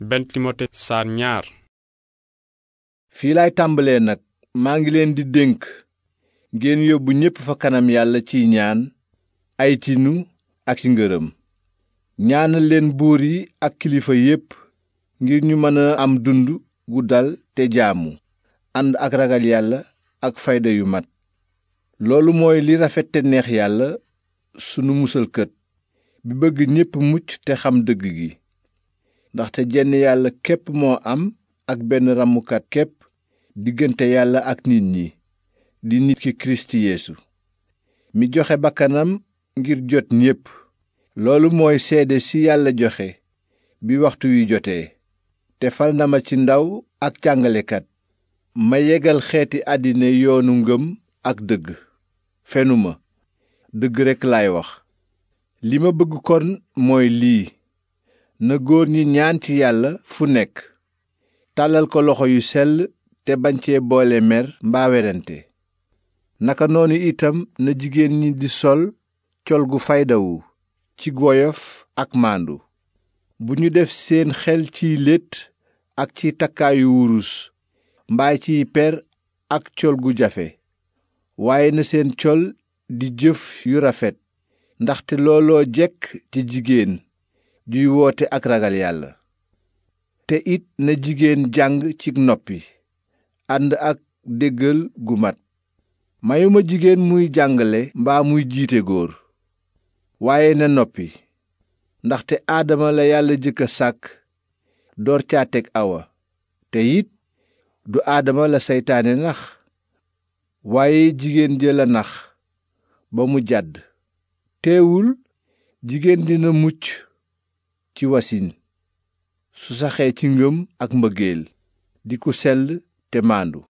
benn timote saar ñaar fii laay tàmbalee nag maa ngi leen di dénk ngeen yóbbu ñépp fa kanam yàlla ciy ñaan ay ak i ngërëm ñaanal leen buur yi ak kilifa yépp ngir ñu mën a am dund gu dal te jaamu ànd ak ragal yàlla ak fayda yu mat loolu mooy li rafet te neex yàlla sunu musalkët bi bëgg ñépp mucc te xam dëgg gi ndaxte jenn yàlla képp moo am ak benn ramukat képp diggante yàlla ak nit ñi di nit ki kirist yeesu mi joxe bakkanam ngir jot ñépp loolu mooy seede ci yàlla joxe bi waxtu wi jotee te fal na ma ci ndaw ak jàngalekat ma yegal xeeti àddina yoonu ngëm ak dëgg fenuma dëgg rekk lay wax li ma bëgg kon mooy lii na góor ñi ñaan ci yàlla fu nekk tàllal ko loxo yu sell te bañ cee boole mer mbaa werante naka noonu itam na jigéen ñi di sol col gu faydawu ci goyof ak màndu bu ñu def seen xel ciy létt ak ci takkaayu wurus mbaay ciy per ak col gu jafe waaye na seen col di jëf yu rafet ndaxte looloo jekk ci jigéen juy woote ak ragal yàlla te it na jigéen jàng ci noppi ànd ak déggal gu mat mayuma jigéen muy jàngale mbaa muy jiite góor waaye na noppi ndaxte aadama la yàlla jëkk a sàkk door caa awa te it du aadama la seytaane nax waaye jigéen jël a nax ba mu jàdd teewul jigéen dina mucc ci wasin su saxee ci ngëm ak mbëggeel di ku sell te maandu